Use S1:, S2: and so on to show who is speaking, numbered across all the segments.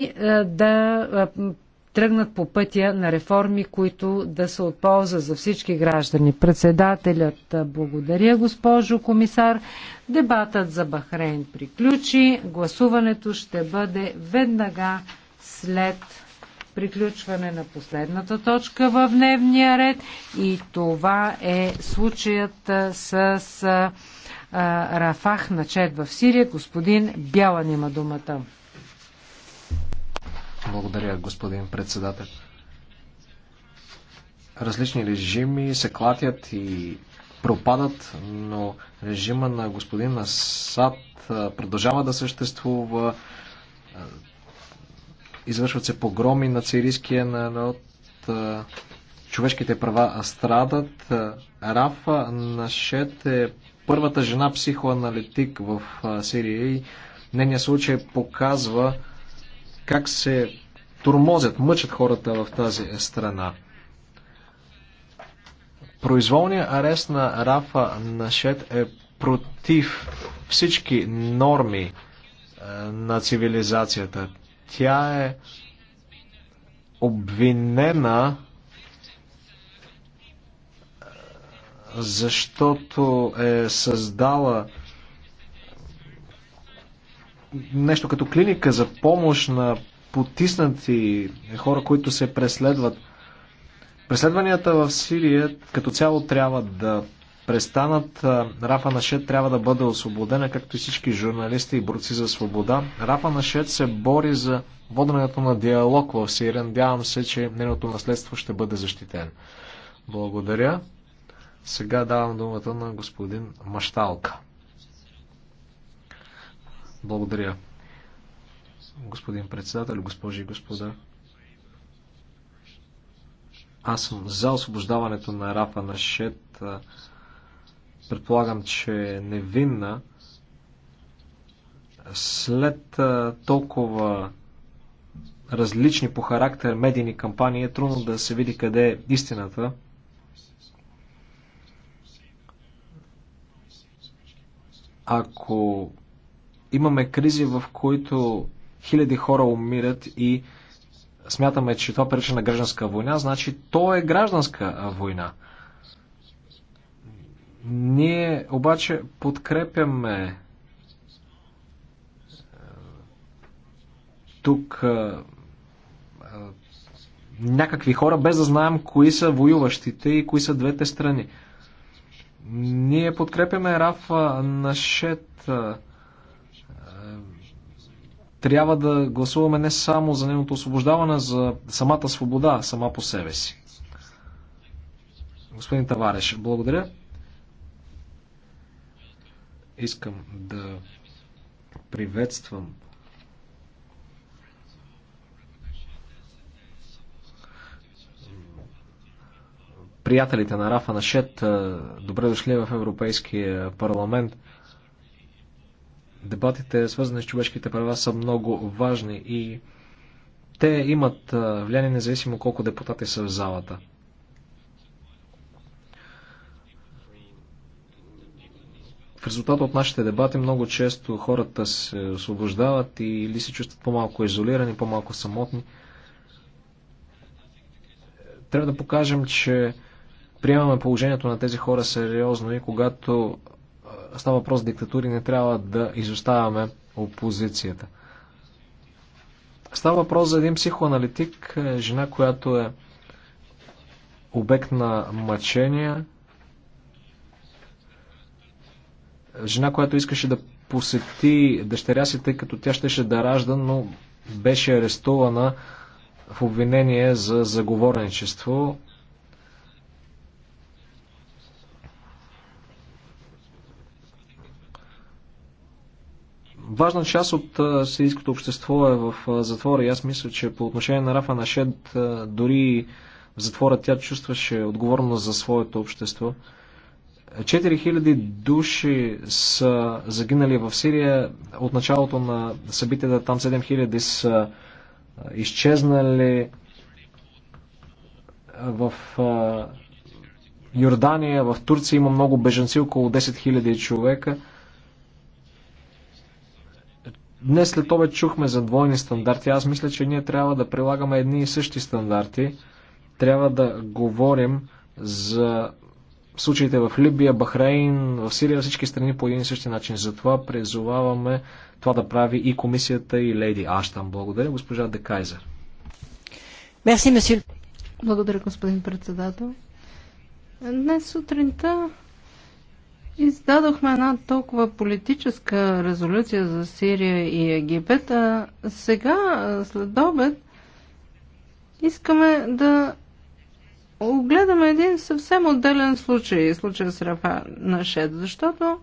S1: Е, да е, тръгнат по пътя на реформи, които да са от полза за всички граждани. Председателят е, благодаря, госпожо комисар. Дебатът за Бахрейн приключи. Гласуването ще бъде веднага след приключване на последната точка в дневния ред и това е случаят с Рафах начет в Сирия. Господин Бялан има думата.
S2: Благодаря, господин председател. Различни режими се клатят и пропадат, но режима на господин Асад продължава да съществува. Извършват се погроми на сирийския народ. Човешките права страдат. Рафа Нашет е първата жена психоаналитик в Сирия и нения случай показва как се турмозят, мъчат хората в тази страна. Произволният арест на Рафа Нашет е против всички норми е, на цивилизацията. Тя е обвинена е, защото е създала нещо като клиника за помощ на потиснати, хора, които се преследват. Преследванията в Сирия като цяло трябва да престанат. Рафа Нашет трябва да бъде освободена, както и всички журналисти и борци за свобода. Рафа Нашет се бори за воденето на диалог в Сирия. Надявам се, че нейното наследство ще бъде защитено. Благодаря. Сега давам думата на господин Машталка. Благодаря господин председател, госпожи и господа. Аз съм за освобождаването на Рафа на Шет. Предполагам, че е невинна. След толкова различни по характер медийни кампании е трудно да се види къде е истината. Ако имаме кризи, в които Хиляди хора умират и смятаме, че това прилича на гражданска война, значи то е гражданска война. Ние обаче подкрепяме е, тук е, е, някакви хора, без да знаем кои са воюващите и кои са двете страни. Ние подкрепяме Рафа Нашет. А, трябва да гласуваме не само за нейното освобождаване, за самата свобода, сама по себе си. Господин Тавареш, благодаря. Искам да приветствам приятелите на Рафа Нашет. Добре дошли в Европейския парламент. Дебатите, свързани с човешките права, са много важни и те имат влияние независимо колко депутати са в залата. В резултат от нашите дебати много често хората се освобождават и, или се чувстват по-малко изолирани, по-малко самотни. Трябва да покажем, че приемаме положението на тези хора сериозно и когато става въпрос за диктатури, не трябва да изоставяме опозицията. Става въпрос за един психоаналитик, е, жена, която е обект на мъчения, жена, която искаше да посети дъщеря си, тъй като тя щеше да ражда, но беше арестувана в обвинение за заговорничество. важна част от сирийското общество е в затвора и аз мисля, че по отношение на Рафа Нашед, дори в затвора тя чувстваше отговорност за своето общество. 4000 души са загинали в Сирия. От началото на събитията там 7000 са изчезнали в Йордания, в Турция има много беженци, около 10 000 човека. Днес след обед чухме за двойни стандарти. Аз мисля, че ние трябва да прилагаме едни и същи стандарти. Трябва да говорим за случаите в Либия, Бахрейн, в Сирия, всички страни по един и същи начин. Затова призоваваме това да прави и комисията, и леди Аштан. Благодаря, госпожа Декайзер.
S3: Мерси, Благодаря, господин председател. Днес сутринта Издадохме една толкова политическа резолюция за Сирия и Египет, а сега, след обед, искаме да огледаме един съвсем отделен случай, случая с Рафа Шед, защото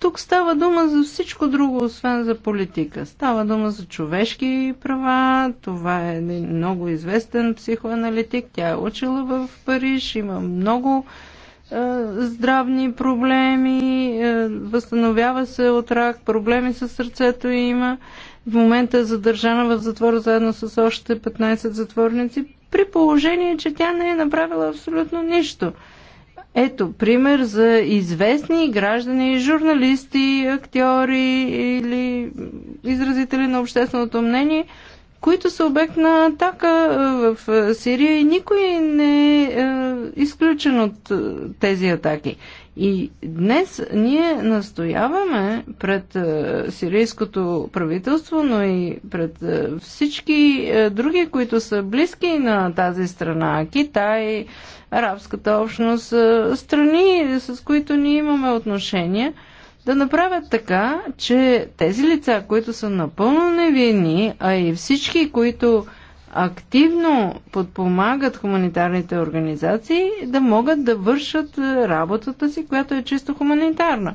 S3: тук става дума за всичко друго, освен за политика. Става дума за човешки права. Това е един много известен психоаналитик. Тя е учила в Париж. Има много е, здравни проблеми, е, възстановява се от рак, проблеми с сърцето има. В момента е задържана в затвора заедно с още 15 затворници, при положение, че тя не е направила абсолютно нищо. Ето, пример за известни граждани, журналисти, актьори или изразители на общественото мнение – които са обект на атака е, в е, Сирия и никой не е, е изключен от тези атаки. И днес ние настояваме пред сирийското правителство, но и пред всички други, които са близки на тази страна, Китай, арабската общност, страни, с които ние имаме отношения – да направят така, че тези лица, които са напълно невинни, а и всички, които активно подпомагат хуманитарните организации, да могат да вършат е, работата си, която е чисто хуманитарна.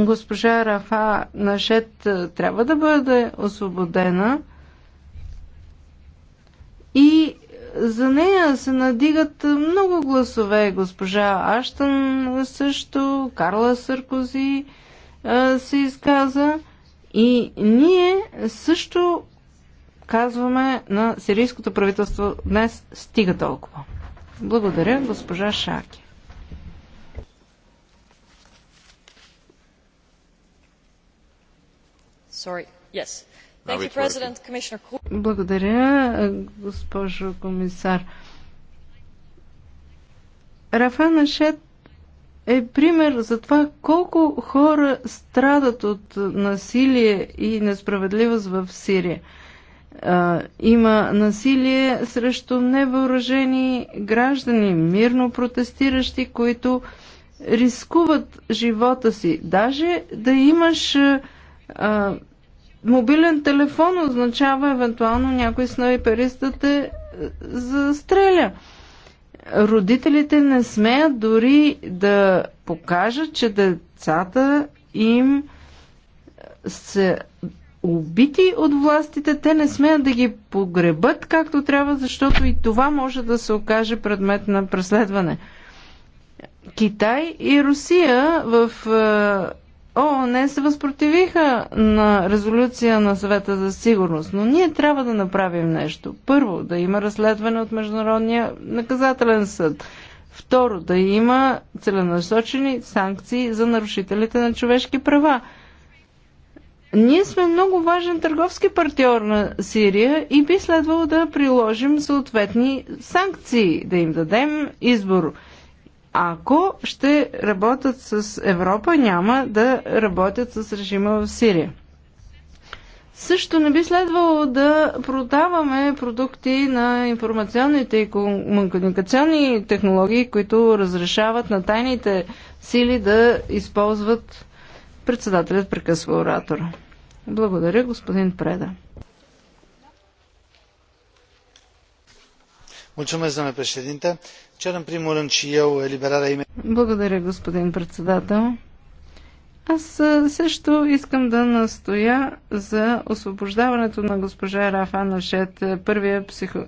S3: Госпожа Рафа Нашет е, трябва да бъде освободена и за нея се надигат много гласове. Госпожа Аштън също, Карла Съркози се изказа. И ние също казваме на сирийското правителство днес стига толкова. Благодаря, госпожа Шаки.
S1: Sorry. Yes.
S3: Благодаря, госпожо комисар. Рафа Нашет е пример за това колко хора страдат от насилие и несправедливост в Сирия. Има насилие срещу невъоръжени граждани, мирно протестиращи, които рискуват живота си. Даже да имаш мобилен телефон означава евентуално някой снайперист да те е, застреля. Родителите не смеят дори да покажат, че децата им са убити от властите, те не смеят да ги погребат както трябва, защото и това може да се окаже предмет на преследване. Китай и Русия в е, ООН се възпротивиха на резолюция на съвета за сигурност, но ние трябва да направим нещо. Първо, да има разследване от Международния наказателен съд. Второ, да има целенасочени санкции за нарушителите на човешки права. Ние сме много важен търговски партньор на Сирия и би следвало да приложим съответни санкции, да им дадем избор – ако ще работят с Европа, няма да работят с режима в Сирия. Също не би следвало да продаваме продукти на информационните и комуникационни технологии, които разрешават на тайните сили да използват председателят прекъсва оратора. Благодаря, господин Преда. Mulțumesc, domnule președinte primul rând și eu eliberarea Благодаря, господин председател. Аз също искам да настоя за освобождаването на госпожа Рафа Нашет, психо...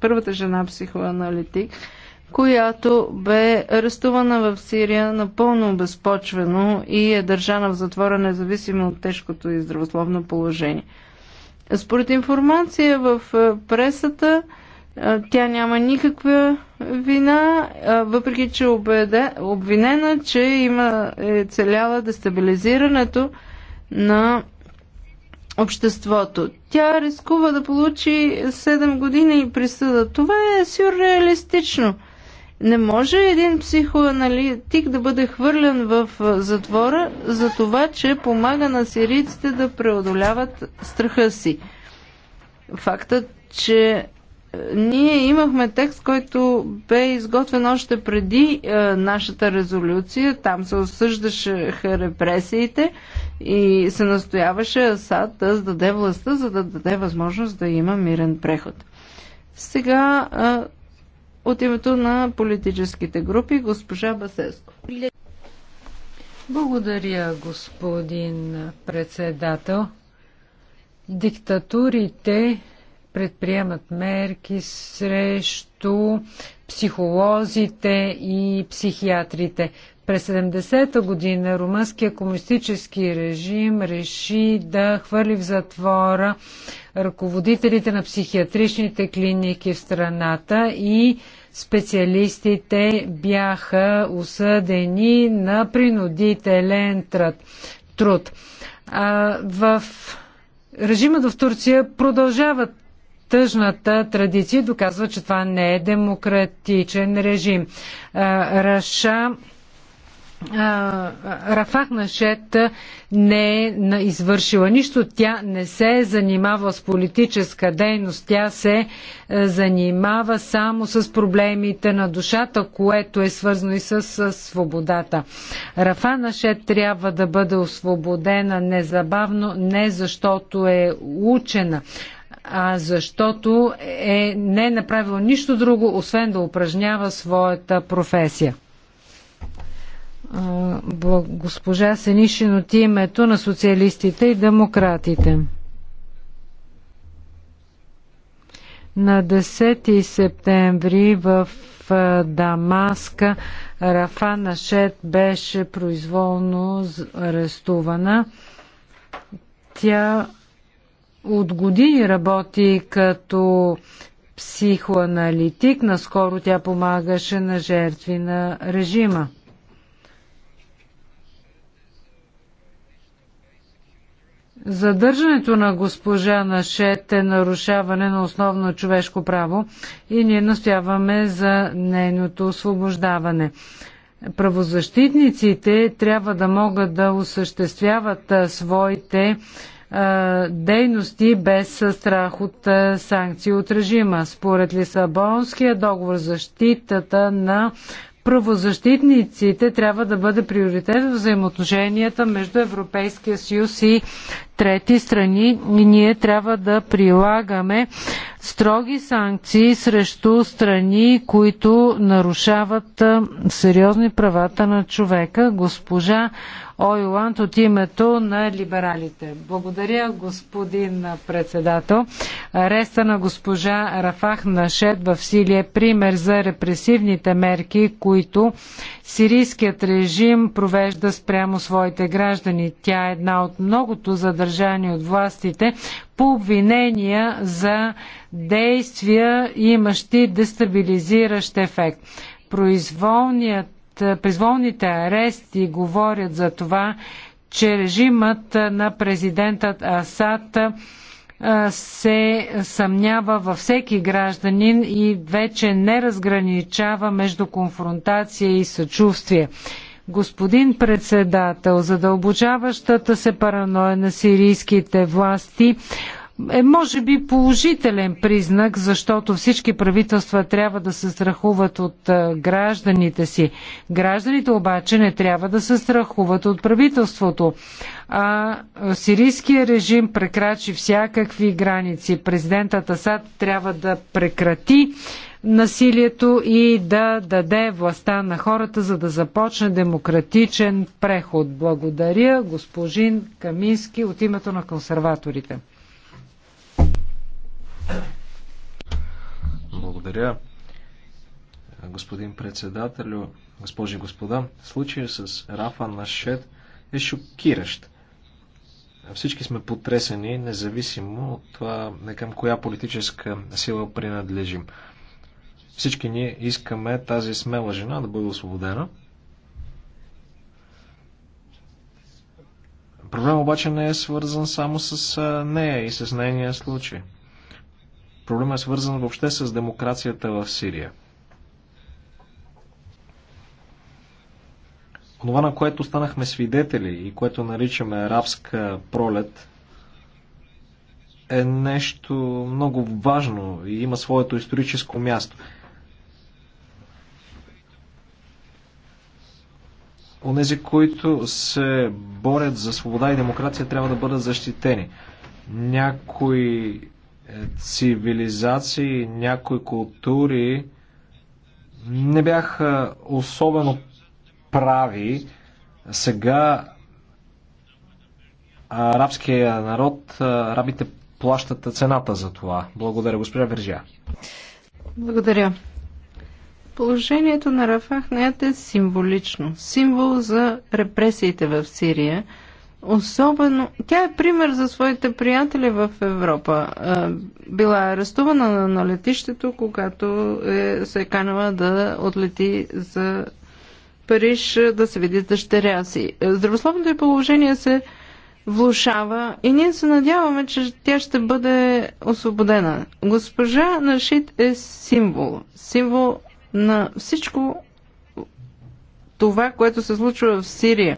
S3: първата жена психоаналитик, която бе арестувана в Сирия напълно безпочвено и е държана в затвора независимо от тежкото и здравословно положение. Според информация в пресата, тя няма никаква вина, въпреки че е обвинена, че има, е целяла дестабилизирането на обществото. Тя рискува да получи 7 години и присъда. Това е сюрреалистично. Не може един психоаналитик да бъде хвърлен в затвора за това, че помага на сирийците да преодоляват страха си. Фактът, че ние имахме текст, който бе изготвен още преди е, нашата резолюция. Там се осъждаше репресиите и се настояваше Асад да сдаде властта, за да даде възможност да има мирен преход. Сега е, от името на политическите групи госпожа Басеско.
S1: Благодаря, господин председател. Диктатурите предприемат мерки срещу психолозите и психиатрите. През 70-та година румънския комунистически режим реши да хвърли в затвора ръководителите на психиатричните клиники в страната и специалистите бяха осъдени на принудителен труд. А в режимът в Турция продължават тъжната традиция доказва, че това не е демократичен режим. Раша Рафах Нашет не е извършила нищо. Тя не се е занимава с политическа дейност. Тя се е, занимава само с проблемите на душата, което е свързано и с свободата. Рафа Нашет трябва да бъде освободена незабавно, не защото е учена, а защото е, не е направила нищо друго, освен да упражнява своята професия. Госпожа Сенишин от името на социалистите и демократите. На 10 септември в Дамаска Рафа Нашет беше произволно арестувана. Тя от години работи като психоаналитик. Наскоро тя помагаше на жертви на режима. Задържането на госпожа Нашет е нарушаване на основно човешко право и ние настояваме за нейното освобождаване. Правозащитниците трябва да могат да осъществяват своите дейности без страх от санкции от режима. Според Лисабонския договор защитата на правозащитниците трябва да бъде приоритет в взаимоотношенията между Европейския съюз и трети страни и ние трябва да прилагаме строги санкции срещу страни, които нарушават сериозни правата на човека. Госпожа Ойланд от името на либералите. Благодаря, господин председател. Ареста на госпожа Рафах Нашет в Силия е пример за репресивните мерки, които сирийският режим провежда спрямо своите граждани. Тя е една от многото задържани задържани от властите по обвинения за действия, имащи дестабилизиращ ефект. Произволният, произволните арести говорят за това, че режимът на президентът Асад се съмнява във всеки гражданин и вече не разграничава между конфронтация и съчувствие. Господин председател, задълбочаващата се параноя на сирийските власти е може би положителен признак, защото всички правителства трябва да се страхуват от е, гражданите си. Гражданите обаче не трябва да се страхуват от правителството. А е, сирийския режим прекрачи всякакви граници. Президентът Асад трябва да прекрати насилието и да даде властта на хората, за да започне демократичен преход. Благодаря, госпожин Камински, от името на консерваторите.
S2: Благодаря, господин председателю, госпожи и господа. Случая с Рафа Нашет е шокиращ. Всички сме потресени, независимо от това към коя политическа сила принадлежим. Всички ние искаме тази смела жена да бъде освободена. Проблем обаче не е свързан само с нея и с нейния случай – Проблема е свързан въобще с демокрацията в Сирия. Онова, на което станахме свидетели и което наричаме арабска пролет, е нещо много важно и има своето историческо място. Онези, които се борят за свобода и демокрация, трябва да бъдат защитени. Някои цивилизации, някои култури не бяха особено прави. Сега арабския народ, арабите плащат цената за това. Благодаря, госпожа Вержия.
S3: Благодаря. Положението на Рафах не е символично. Символ за репресиите в Сирия – Особено, тя е пример за своите приятели в Европа. Била е арестувана на летището, когато е, се е канала да отлети за Париж да се види дъщеря си. Здравословното й положение се влушава и ние се надяваме, че тя ще бъде освободена. Госпожа Нашит е символ. Символ на всичко това, което се случва в Сирия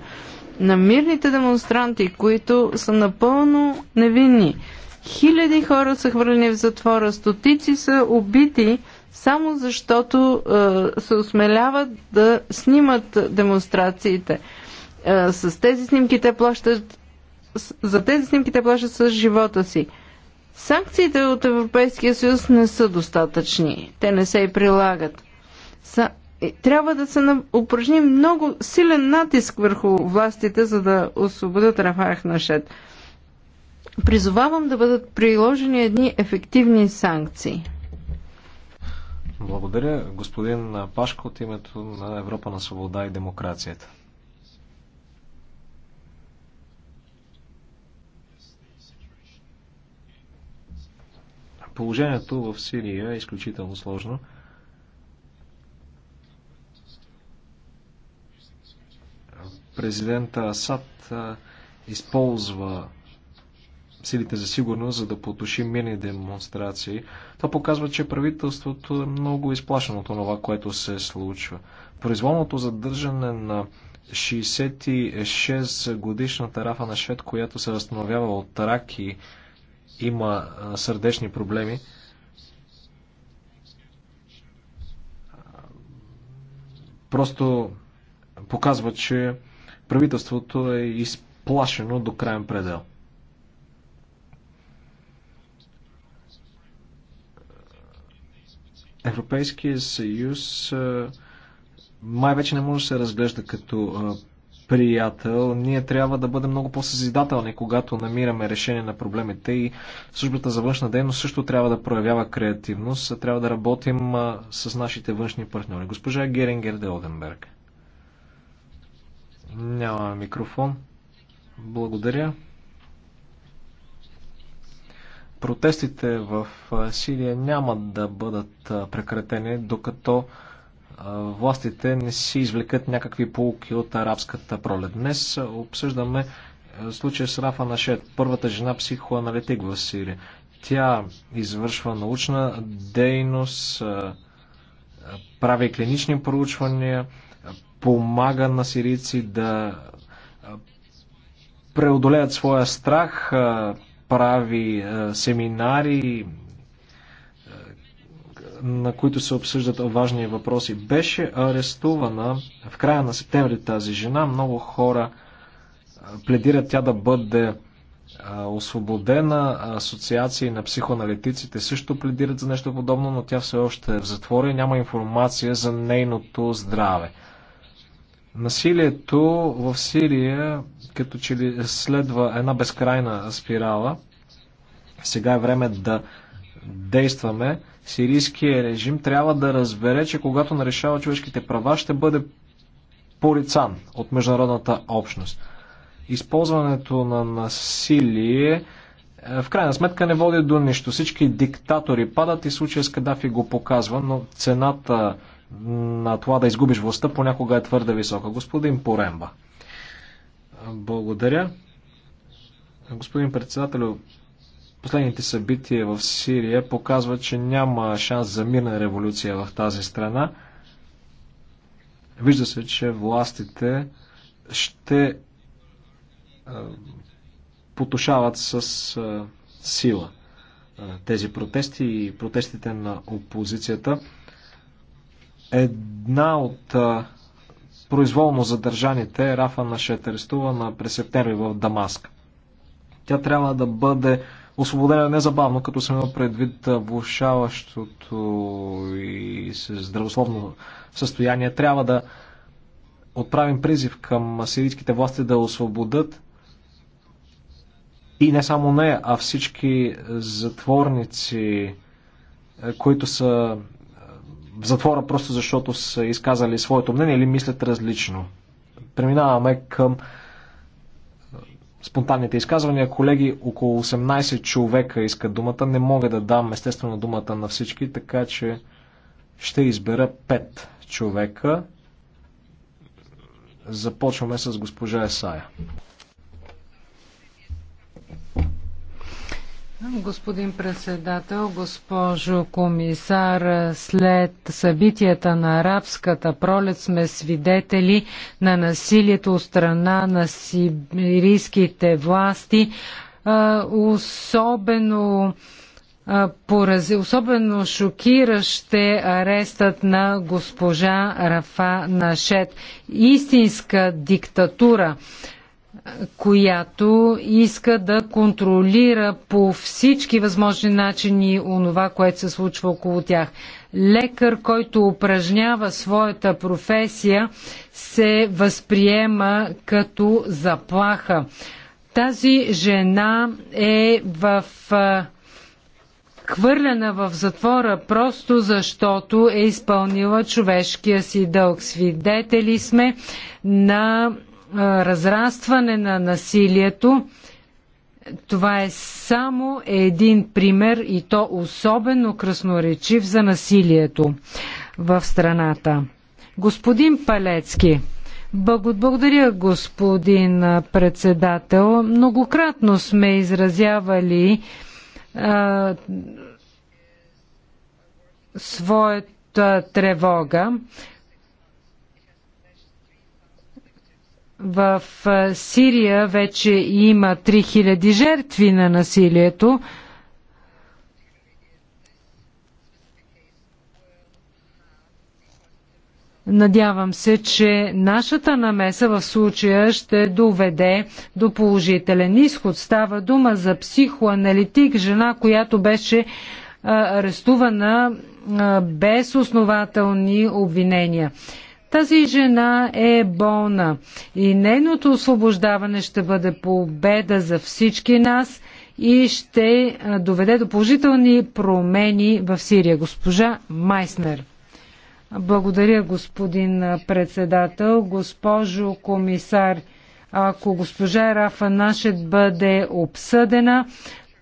S3: на мирните демонстранти, които са напълно невинни. Хиляди хора са хвърлени в затвора, стотици са убити, само защото е, се осмеляват да снимат демонстрациите. Е, с тези снимки те плащат за тези снимки те плащат с живота си. Санкциите от Европейския съюз не са достатъчни. Те не се и прилагат. Трябва да се упражни много силен натиск върху властите, за да освободят Рафах Нашет. Призовавам да бъдат приложени едни ефективни санкции.
S2: Благодаря, господин Пашко, от името на Европа на свобода и демокрацията. Положението в Сирия е изключително сложно. президента Асад използва силите за сигурност, за да потуши мини демонстрации. Това показва, че правителството е много изплашено от това, което се случва. Произволното задържане на 66 годишната Рафа на Швед, която се възстановява от рак и има сърдечни проблеми, просто показва, че Правителството е изплашено до крайен предел. Европейския съюз май вече не може да се разглежда като приятел. Ние трябва да бъдем много по-съзидателни, когато намираме решение на проблемите и службата за външна дейност също трябва да проявява креативност. Трябва да работим с нашите външни партньори. Госпожа Герингер де Оденберг. Няма микрофон. Благодаря. Протестите в Сирия няма да бъдат прекратени, докато властите не си извлекат някакви полуки от арабската пролет. Днес обсъждаме случая с Рафа Нашет, първата жена психоаналитик в Сирия. Тя извършва научна дейност, прави клинични проучвания, помага на сирийци да преодолеят своя страх, прави семинари, на които се обсъждат важни въпроси. Беше арестувана в края на септември тази жена. Много хора пледират тя да бъде освободена. Асоциации на психоаналитиците също пледират за нещо подобно, но тя все още е в затвора и няма информация за нейното здраве. Насилието в Сирия като че ли следва една безкрайна спирала. Сега е време да действаме. Сирийския режим трябва да разбере, че когато нарешава човешките права, ще бъде порицан от международната общност. Използването на насилие е, в крайна сметка не води до нищо. Всички диктатори падат и случая с Кадафи го показва, но цената на това да изгубиш властта понякога е твърде висока. Господин Поремба. Благодаря. Господин председател, последните събития в Сирия показват, че няма шанс за мирна революция в тази страна. Вижда се, че властите ще е, потушават с е, сила е, тези протести и протестите на опозицията. Една от произволно задържаните е Рафа на арестувана през септември в Дамаск. Тя трябва да бъде освободена незабавно, като се има предвид влушаващото и здравословно състояние. Трябва да отправим призив към сирийските власти да освободят и не само нея, а всички затворници, които са в затвора просто защото са изказали своето мнение или мислят различно. Преминаваме към е, спонтанните изказвания. Колеги, около 18 човека искат думата. Не мога да дам естествено думата на всички, така че ще избера 5 човека. Започваме с госпожа Есая.
S1: Господин председател, госпожо комисар, след събитията на арабската пролет сме свидетели на насилието от страна на сирийските власти, особено порази, особено шокиращ е арестът на госпожа Рафа Нашет. Истинска диктатура която иска да контролира по всички възможни начини онова, което се случва около тях. Лекар, който упражнява своята професия, се възприема като заплаха. Тази жена е в хвърлена в затвора просто защото е изпълнила човешкия си дълг. Свидетели сме на разрастване на насилието. Това е само един пример и то особено красноречив за насилието в страната. Господин Палецки, благодаря, господин председател. Многократно сме изразявали а, своята тревога В Сирия вече има 3000 жертви на насилието. Надявам се, че нашата намеса в случая ще доведе до положителен изход. Става дума за психоаналитик, жена, която беше арестувана без основателни обвинения. Тази жена е болна и нейното освобождаване ще бъде победа за всички нас и ще доведе до положителни промени в Сирия. Госпожа Майснер. Благодаря, господин председател. Госпожо комисар, ако госпожа Рафа Нашет бъде обсъдена,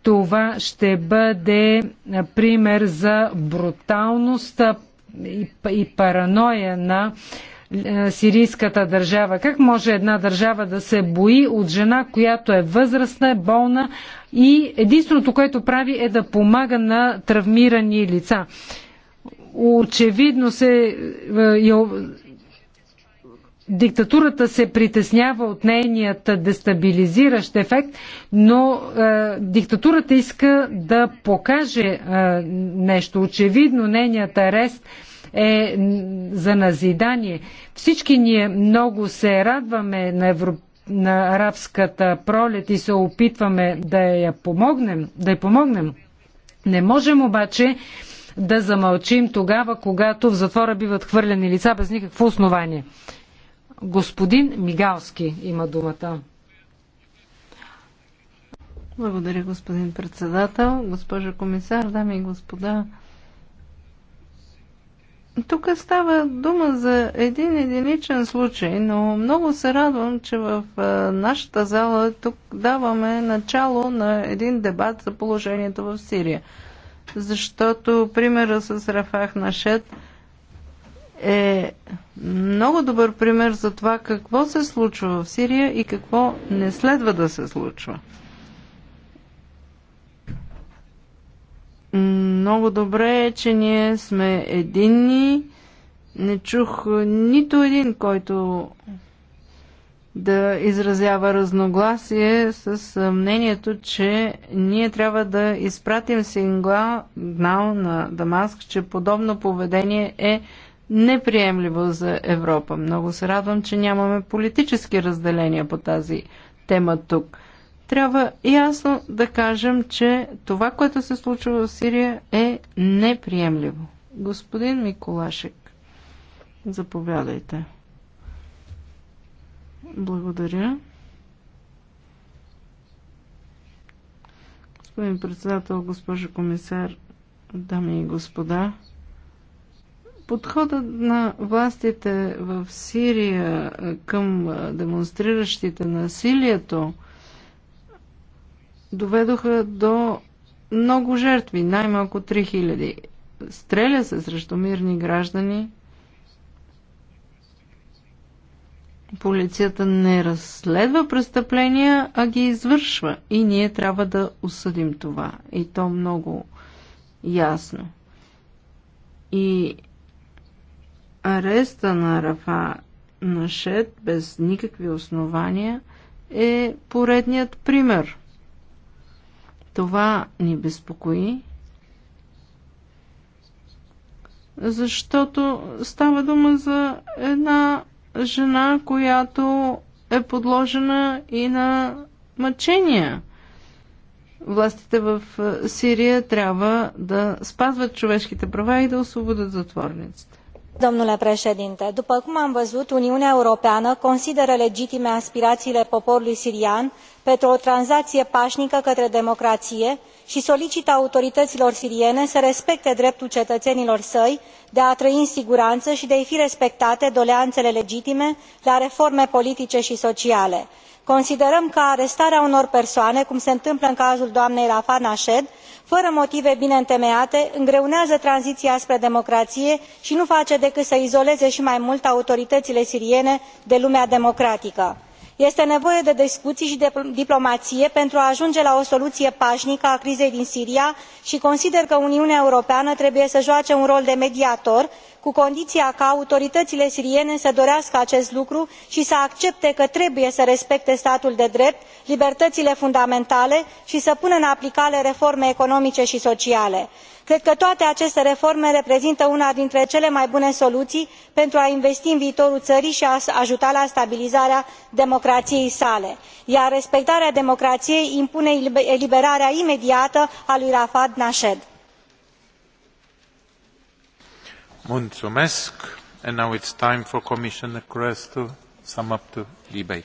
S1: това ще бъде пример за бруталност, и, и параноя на е, сирийската държава. Как може една държава да се бои от жена, която е възрастна, болна и единственото, което прави е да помага на травмирани лица? Очевидно се е, е, диктатурата се притеснява от нейният дестабилизиращ ефект, но е, диктатурата иска да покаже е, нещо. Очевидно, нейният арест е за назидание. Всички ние много се радваме на, Евро... на арабската пролет и се опитваме да я помогнем, да я помогнем. Не можем обаче да замълчим тогава, когато в затвора биват хвърлени лица без никакво основание. Господин Мигалски има думата.
S3: Благодаря, господин председател. Госпожо комисар, дами и господа. Тук става дума за един единичен случай, но много се радвам, че в нашата зала тук даваме начало на един дебат за положението в Сирия. Защото примера с Рафах Нашет – е много добър пример за това какво се случва в Сирия и какво не следва да се случва. Много добре е, че ние сме единни. Не чух нито един, който да изразява разногласие с мнението, че ние трябва да изпратим сигнал на Дамаск, че подобно поведение е неприемливо за Европа. Много се радвам, че нямаме политически разделения по тази тема тук. Трябва ясно да кажем, че това, което се случва в Сирия е неприемливо. Господин Миколашек, заповядайте. Благодаря. Господин председател, госпожо комисар, дами и господа, Подходът на властите в Сирия към демонстриращите насилието доведоха до много жертви, най-малко 3000. Стреля се срещу мирни граждани. Полицията не разследва престъпления, а ги извършва. И ние трябва да осъдим това. И то много ясно. И ареста на Рафа Нашет без никакви основания е поредният пример. Това ни безпокои, защото става дума за една жена, която е подложена и на мъчения. Властите в Сирия трябва да спазват човешките права и да освободят затворниците
S4: după cum am văzut uniunea europeană consideră legitime aspiraiile poporului sirian pentru o tranziie panică către democraie i solicită autorităilor siriene să respecte dreptul cetăenilor săi de a trăi în sigurană i de i fi respectate doleanele legitime la reforme politice i sociale considerăm că arestarea unor persoane cum se întâmplă în cazul doamnei rafah nached fără motive bine întemeiate îngreunează tranziția spre democrație și nu face decât să izoleze și mai mult autoritățile siriene de lumea democratică. este nevoie de discuții și de diplomație pentru a ajunge la o soluție pașnică a crizei din siria și consider că uniunea europeană trebuie să joace un rol de mediator cu condiția ca autoritățile siriene să dorească acest lucru și să accepte că trebuie să respecte statul de drept libertățile fundamentale și să pună în aplicare reforme economice și sociale. cred că toate aceste reforme reprezintă una dintre cele mai bune soluții pentru a investi în viitorul țării și a ajuta la stabilizarea democrației sale iar respectarea democrației impune eliberarea imediată a lui rafah nached.
S3: Mulțumesc. And now it's time for Commissioner to sum up the debate.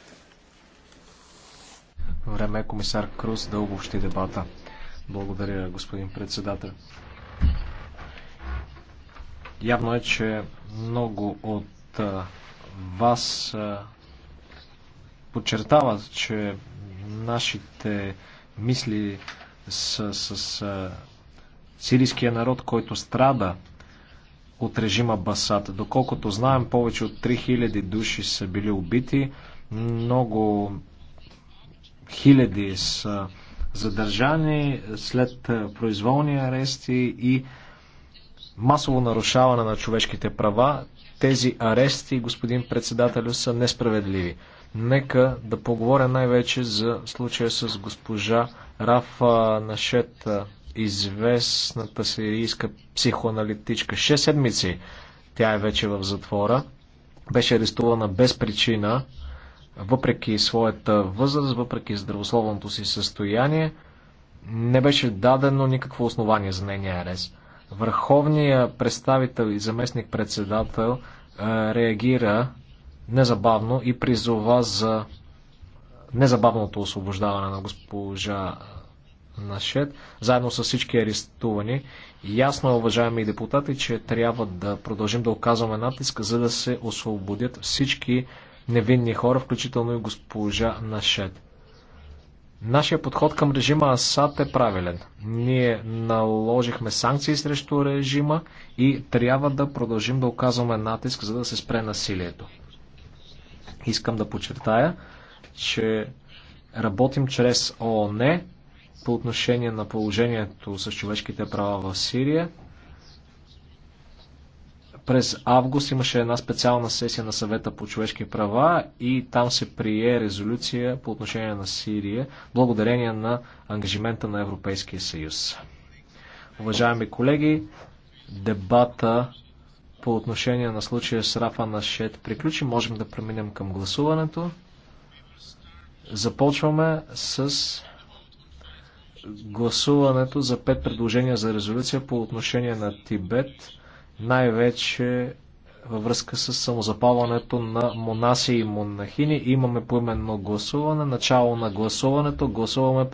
S2: Време е комисар Круз да обобщи дебата. Благодаря, господин председател. Явно е, че много от вас подчертават, че нашите мисли с сирийския народ, който страда от режима Басат. Доколкото знаем, повече от 3000 души са били убити, много хиляди са задържани след произволни арести и масово нарушаване на човешките права. Тези арести, господин председателю, са несправедливи. Нека да поговоря най-вече за случая с госпожа Рафа Нашет известната сирийска психоаналитичка. Шест седмици тя е вече в затвора. Беше арестувана без причина, въпреки своята възраст, въпреки здравословното си състояние. Не беше дадено никакво основание за нейния арест. Върховният представител и заместник-председател е, реагира незабавно и призова за незабавното освобождаване на госпожа е, Нашет, заедно с всички арестувани. Ясно е, уважаеми депутати, че трябва да продължим да оказваме натиск, за да се освободят всички невинни хора, включително и госпожа Нашет. Нашия подход към режима Асад е правилен. Ние наложихме санкции срещу режима и трябва да продължим да оказваме натиск, за да се спре насилието. Искам да подчертая, че работим чрез ООН, по отношение на положението с човешките права в Сирия. През август имаше една специална сесия на съвета по човешки права и там се прие резолюция по отношение на Сирия, благодарение на ангажимента на Европейския съюз. Уважаеми колеги, дебата по отношение на случая с Рафа Шет приключи. Можем да преминем към гласуването. Започваме с гласуването за пет предложения за резолюция по отношение на Тибет, най-вече във връзка с самозапалването на монаси и монахини. Имаме поименно гласуване. Начало на гласуването. Гласуваме